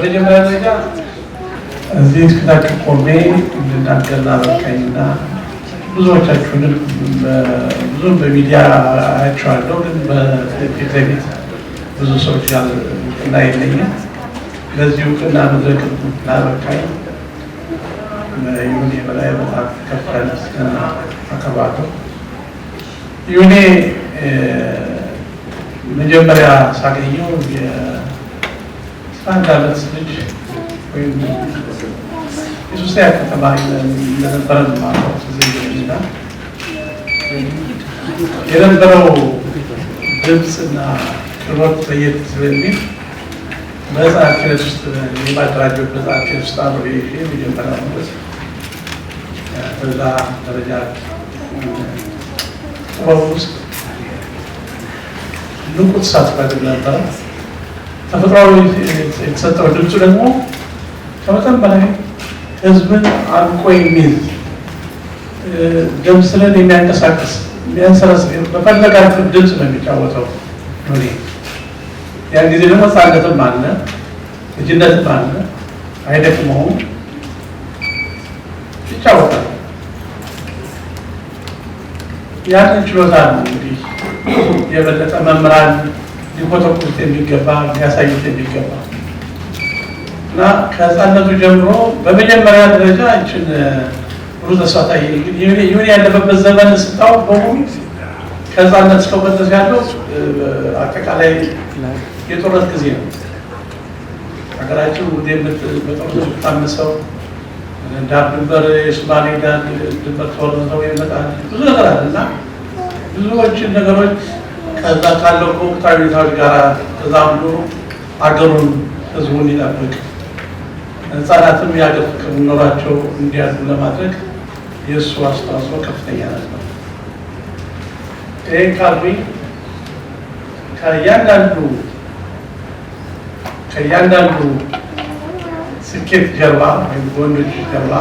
በመጀመሪያ ደረጃ እዚህ እስከታች ቆሜ እንድናገርና በቃኝና ብዙዎቻችሁንም ብዙም በሚዲያ አያቸዋለሁ፣ ግን በፊት ለፊት ብዙ ሰዎች ያለ እውቅና የለኝም። ለዚህ እውቅና መድረክ ላበቃኝ ይሁኔ በላይ በጣም ከፍ ምስጋና አቀርባለሁ። ይሁኔ መጀመሪያ ሳገኘው andava distribuindo. Foi um sucesso o trabalho da Doutora do Mar, fazer tá? Era para o Jameson na Piloto da Ieta mim mas aqueles que vai atrás de outros, aqueles que estavam aí, e vinham para é, é, a música. Para já, para já, uma música. Nunca se sabe para adiantar. ተፈጥሯዊ የተሰጠው ድምፁ ደግሞ ከመጠን በላይ ህዝብን አንቆ የሚል ደምስለን የሚያንቀሳቀስ የሚያንቀሳቅስ የሚያንሰረስ በፈለጋችሁ ድምፅ ነው የሚጫወተው። ዶኔ ያን ጊዜ ደግሞ ጻገትም አለ፣ ልጅነትም አለ፣ መሆን ይጫወታል። ያንን ችሎታ ነው እንግዲህ የበለጠ መምራን ሊኮተኩት የሚገባ ሊያሳዩት የሚገባ እና ከህፃነቱ ጀምሮ በመጀመሪያ ደረጃ እችን ብዙ ተስፋ ይሁን ያለፈበት ዘመን ስታወቅ በሙሉ ከህፃነት እስከወደስ ያለው አጠቃላይ የጦርነት ጊዜ ነው። ሀገራችን ወደ በጦርነት የምታመሰው ዳር ድንበር የሶማሌ ዳር ድንበር ተወርዘው ይመጣል ብዙ ነገር አለ እና ብዙዎችን ነገሮች ከዛ ካለው ከወቅታዊ ሁኔታዎች ጋር ተዛምዶ አገሩን ህዝቡን ይጠብቅ ህጻናትም የሀገር ፍቅር ኖራቸው እንዲያሉ ለማድረግ የእሱ አስተዋጽኦ ከፍተኛ ነው። ይህን ካልኩኝ ከእያንዳንዱ ከእያንዳንዱ ስኬት ጀርባ ወይም ወንዶች ጀርባ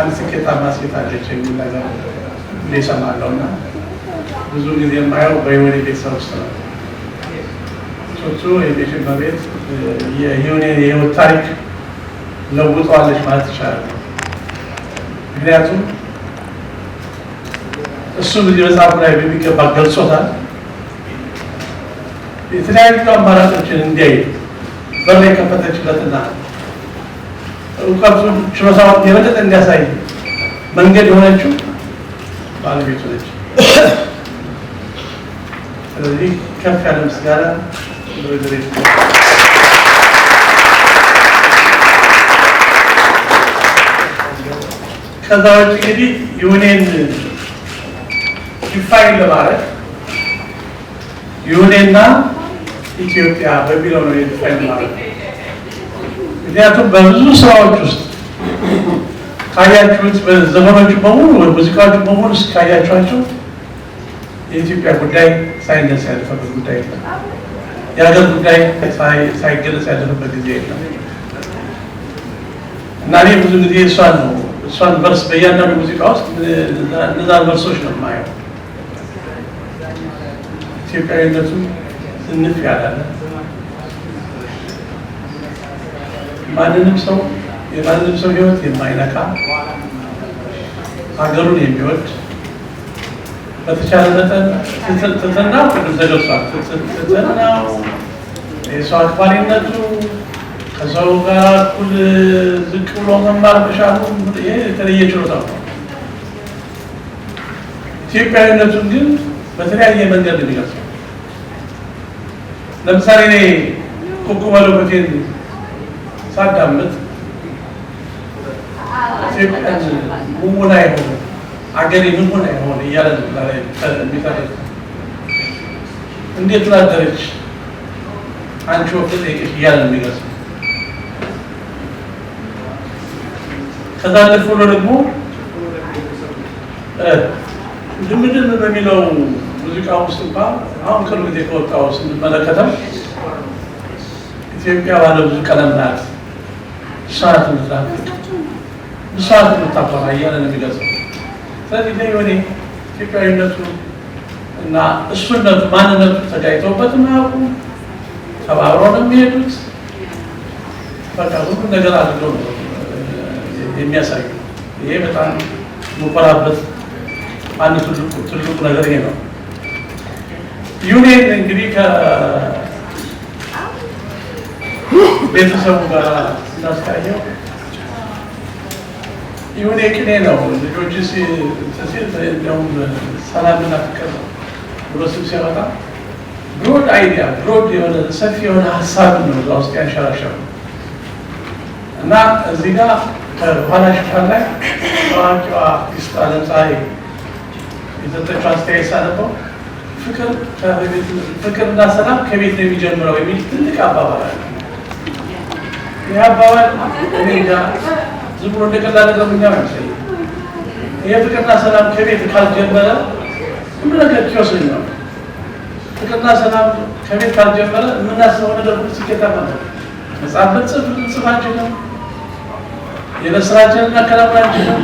አንድ ስኬታማ ሴት አለች የሚል ነገር እሰማለሁ እና ብዙ ጊዜ የማየው በዩኔን ቤተሰብ ውስጥ ነው። የቤሽን በቤት የዩኔን የህይወት ታሪክ ለውጠዋለች ማለት ይቻላል። ምክንያቱም እሱ እዚህ መጽሐፉ ላይ በሚገባ ገልጾታል። የተለያዩ አማራጮችን እንዲያይ በር የከፈተችበትና እውቀቱን ችሎታውን የበለጠ እንዲያሳይ መንገድ የሆነችው ባለቤቱ ነች። ስለዚህ ከፍ ያለ ምስጋና ለወይዘሪት ከዛ ውጭ እንግዲህ ዩኔን ዲፋይን ለማድረግ ዩኔና ኢትዮጵያ በሚለው ነው ዲፋይን ለማድረግ ምክንያቱም በብዙ ስራዎች ውስጥ ካያችሁት ዘመኖቹ በሙሉ ሙዚቃዎቹ በሙሉ እስካያችኋቸው የኢትዮጵያ ጉዳይ ሳይነሳ ያለፈበት ጉዳይ የለም። የሀገር ጉዳይ ሳይገለጽ ያለፈበት ጊዜ የለም እና እኔ ብዙ ጊዜ እሷን ነው እሷን ቨርስ በእያንዳንዱ ሙዚቃ ውስጥ እነዛን ቨርሶች ነው የማየው። ኢትዮጵያዊነቱ ስንፍ ያላለ ማንንም ሰው የማንንም ሰው ሕይወት የማይነካ ሀገሩን የሚወድ በተቻለ መጠን ትትናው ቅድም ተደርሷል። ትትናው የሰው አክባሪነቱ ከሰው ጋር እኩል ዝቅ ብሎ መማር መሻሉ ይሄ የተለየ ችሎታ ነው። ኢትዮጵያዊነቱን ግን በተለያየ መንገድ የሚገልጽ ለምሳሌ እኔ ኩኩ መለኮቴን ሳዳምጥ ኢትዮጵያን ሙሙና የሆነ አገሬ ምን ሆነ ሆነ እያለ ሚታ እንዴት ላደረች አንቺ ወቅት ቄሽ እያለ የሚገጽ ከዛ ልፍ ብሎ ደግሞ ልምድን በሚለው ሙዚቃ ውስጥ እንኳን አሁን ቅርብ ጊዜ ከወጣው ስንመለከተው ኢትዮጵያ ባለ ብዙ ቀለም ናት፣ ሰዓት ምታ ሰዓት ምታባራ እያለ ነው የሚገልጸው። ስለዚህ የሆነ ኢትዮጵያዊነቱ እና እሱነቱ ማንነቱ ተጋይቶበት ማያውቁ ተባብሮ ነው የሚሄዱት። በቃ ሁሉ ነገር አድርገ ነው የሚያሳዩ። ይሄ በጣም የምኮራበት አንድ ትልቁ ነገር ይሄ ነው። ዩኔን እንግዲህ ከቤተሰቡ ጋር እናስቃየው የሆነ ቅኔ ነው። ልጆች ተሴት እንዲያውም ሰላምና ፍቅር ነው ብሎ ስብ ሲያወጣ ብሮድ አይዲያ ብሮድ የሆነ ሰፊ የሆነ ሀሳብ ነው እዛ ውስጥ ያንሸራሸሩ እና እዚህ ጋር ከኋላ ሽፋን ላይ ታዋቂዋ ዲስት ዓለምፀሐይ የሰጠችው አስተያየት ሳነበው ፍቅርና ሰላም ከቤት ነው የሚጀምረው የሚል ትልቅ አባባል አለ። ይህ አባባል እኔ ጋር ዝም ብሎ እንደቀላል ነገር ብኛ ይመስለኝ። ፍቅርና ሰላም ከቤት ካልጀመረ ምንነገር ኪወስኝ ነው። ፍቅርና ሰላም ከቤት ካልጀመረ የምናስበው ነገር ሁሉ ስኬታማ ነው። መጽሐፍ ጽፍ ጽፋችን ነው የበስራችን እናከናውናችን ነው።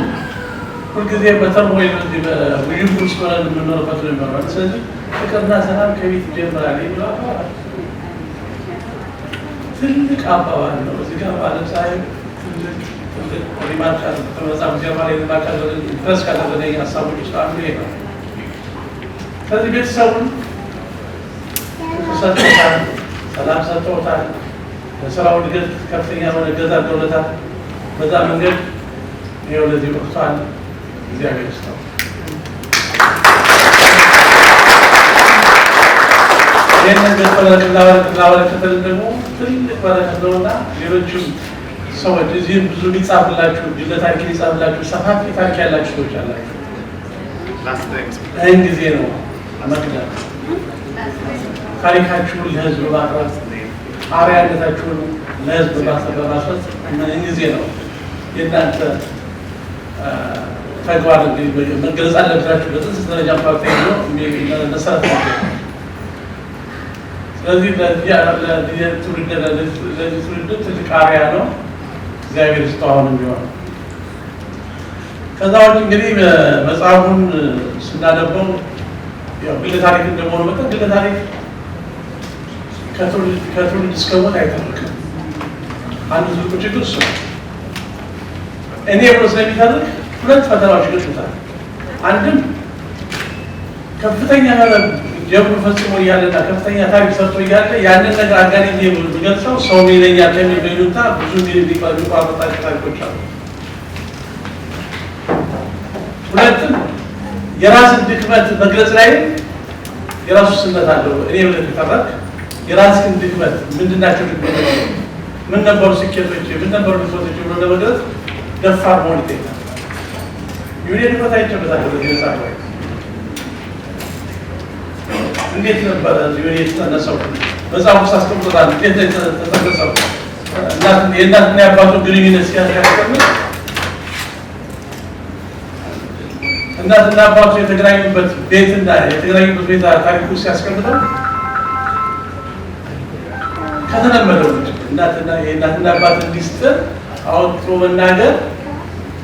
ሁልጊዜ በተርሞይ ውይም ውስጥ ሆነ የምንኖርበት ነው የሚሆነ። ስለዚህ ፍቅርና ሰላም ከቤት ይጀምራል የሚለ ትልቅ አባባል ነው። እዚህ ጋር ባለም ሳይሆን መጽሐፍ ጀርባ ላይ ድረስ ካደረገ ሀሳቦች ውስጥ ነው። ስለዚህ ቤተሰቡን ሰጥቶታል፣ ሰላም ሰጥቶታል፣ ለስራው እድገት ከፍተኛ የሆነ እገዛ አድርገውለታል። በዛ መንገድ ይኸው ለዚህ በቅቷል። እግዚአብሔር ይስጠው። ይህንን በረከት ላበረከተልን ደግሞ ትልቅ በረከት ነውና ሌሎችም ሰዎች እዚህ ብዙ ሊጻፍላችሁ ጅለ ታሪክ ሊጻፍላችሁ ሰፋፊ ታሪክ ያላችሁ ሰዎች አላችሁ። ይህን ጊዜ ነው መቅዳት ታሪካችሁን ለህዝብ ማቅረብ፣ አርአያነታችሁን ለህዝብ በማስፈጽ ይህን ጊዜ ነው የእናንተ ተግባር መገለጽ አለብላችሁ። በጥንስስ ደረጃ ፓርቲ መሰረት ስለዚህ ለዚህ ትውልድ ትልቅ አርአያ ነው። እግዚአብሔር ስጣሁን ቢሆን ከዛ ውጭ እንግዲህ መጽሐፉን ስናነበው ግለ ታሪክ እንደመሆኑ መጠን ግለ ታሪክ ከትውልድ እስከ ሞት አይተርክም። አንዱ ትልቁ ችግር እሱ እኔ ብሎ ስለሚታደርግ ሁለት ፈተናዎች ገጥታል። አንድም ከፍተኛ ጀብር ፈጽሞ እያለና ከፍተኛ ታሪክ ሰርቶ እያለ ያንን ነገር አጋሪ ገልጸው ሰው ሚለኛ ከሚሉታ ብዙ ሊቋረጣጭ ታሪኮች አሉ። ሁለትም የራስን ድክመት መግለጽ ላይ የራሱ ስነት አለው። እኔ ብለህ ከጠራክ የራስን ድክመት ምንድናቸው፣ ምን ነበሩ ስኬቶች፣ ምን ነበሩ ድክመቶች ብሎ ለመግለጽ ደፋር መሆን ይጠይቃል። ዩኔ ድክመት አይቸበታለ ላይ እንዴት ነበረ የተጸነሰው? መጽሐፍ ውስጥ አስቀምጦታል። እንዴት ነው የተጸነሰው? የእናትና የአባቱ ግንኙነት ሲያስቀምጥ እናትና አባቱ የተገናኙበት ቤት እና የተገናኙበት ቤት ታሪኩ ሲያስቀምጠው ከተለመደው የእናትና አባት ሚስጥር አውጥቶ መናገር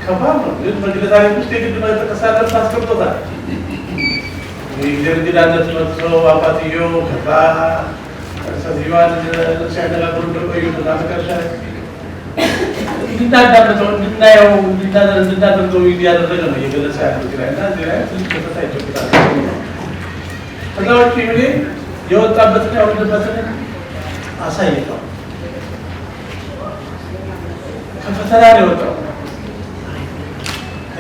ከባድ ነው። ግን በግል ውስጥ የግድ መጠቀስ አለብን። አስቀምጦታል የእንግዳነት መጥተው አባትየው ከዛ ሰዚዋን ሲያነጋግሩ እንደቆዩ ከዛ እንድናዳምጠው እንድናየው እንድናደርገው እያደረገ ነው እየገለጸ ያለው እዚህ ላይ እና እዚህ ላይ የወጣበትን ያወርድበትን ከፈተና ነው የወጣው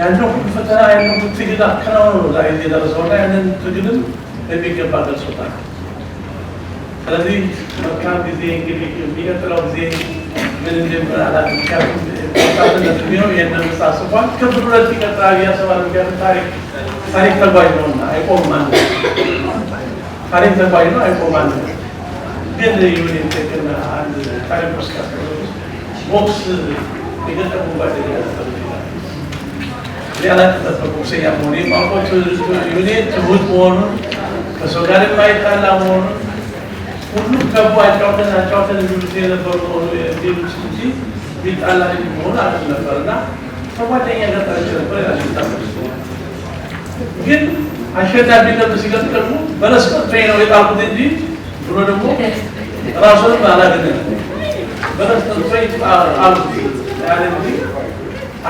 ያለሁት ፈተና ያለሁት ትግል አከናውኖ ነው ዛሬ የደረሰው እና ያንን ትግልም የሚገባ ደርሶታል። ስለዚህ መልካም ጊዜ እንግዲህ የሚቀጥለው ጊዜ ምን እንደምን አላፊቻትነት የሚለው ይህንን ምሳ ጽፏል። ክብ ብረት ይቀጥላል እያሰባል ምክንያቱም ታሪክ ታሪክ ተጓዥ ነውና አይቆም ማን ታሪክ ተጓዥ ነው አይቆም ማን ግን ይሁን የተገና አንድ ታሪክ ውስጥ ቦክስ የገጠሙ ጓደኛ ያላቅበት ነው። ቦክሰኛ መሆኔ ማቆች ትሁት መሆኑን ከሰው ጋር የማይጣላ መሆኑን ሁሉም ገቡ አጫውተን አጫውተን ጊዜ የነበሩ ሌሎች እንጂ ቢጣላ መሆን አለት ነበር እና ከጓደኛ ጋር ነበር ያሽጣመ ግን አሸናፊነት ሲገጥ ደግሞ በረስመት ነው የጣልኩት እንጂ ብሎ ደግሞ ራሱንም አላገኘም። በረስመት አሉ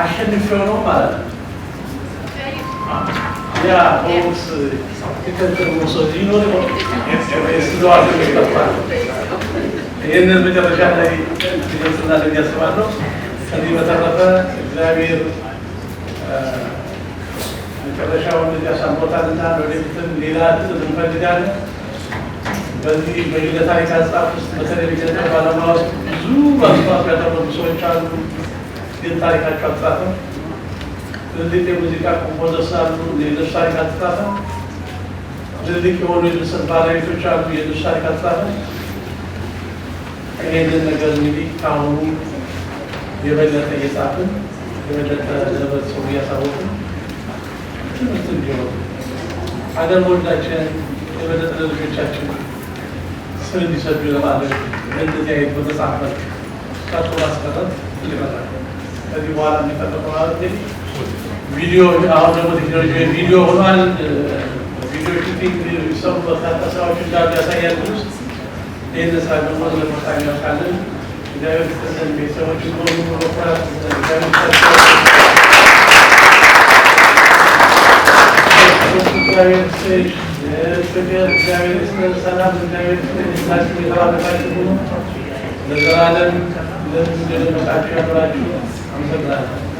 አሸንፌ ነው ማለት ነው። Yeah, almost, uh, ይህንን መጨረሻ ላይ ይደርስናል እያስባለሁ። ከዚህ በተረፈ እግዚአብሔር መጨረሻውን ያሳምሮታልና ወደፊትም ሌላ ትጥል እንፈልጋለን። በዚህ በግለ ታሪክ አጻፍ ውስጥ በቴሌቪዥን ባለሙያ ውስጥ ብዙ አስተዋጽኦ ያደረጉ ሰዎች አሉ። ግን ታሪካቸው አጻፍም ትልልቅ የሙዚቃ ኮምፖዘርስ አሉ። የድርሻ ይካትታል። ትልልቅ የሆኑ የድርሰት ባለቤቶች አሉ። የድርሻ ይካትታል። ይህንን ነገር እንግዲህ ከአሁኑ የበለጠ እየጻፍን የበለጠ ለህብረተሰቡ እያሳወቅን ትምህርት እንዲሆን ሀገር ወዳችን የበለጠ ለልጆቻችን ስም እንዲሰዱ ለማድረግ እንደዚህ አይነት በተጻፈ ቀርቶ ማስቀረት ይመጣል። ከዚህ በኋላ የሚጠበቀው ማለት እንግዲህ فيديو أغلب تكنولوجيا فيديو والآن فيديو كتير يسمى ثلاثة ساعات شجاع جاسية دوس لين سعد الله لك ساعة نقول إذا يتسلم بيسوي شغل مروحة ለዘላለም ለምንድነው መጣችሁ ያኖራችሁ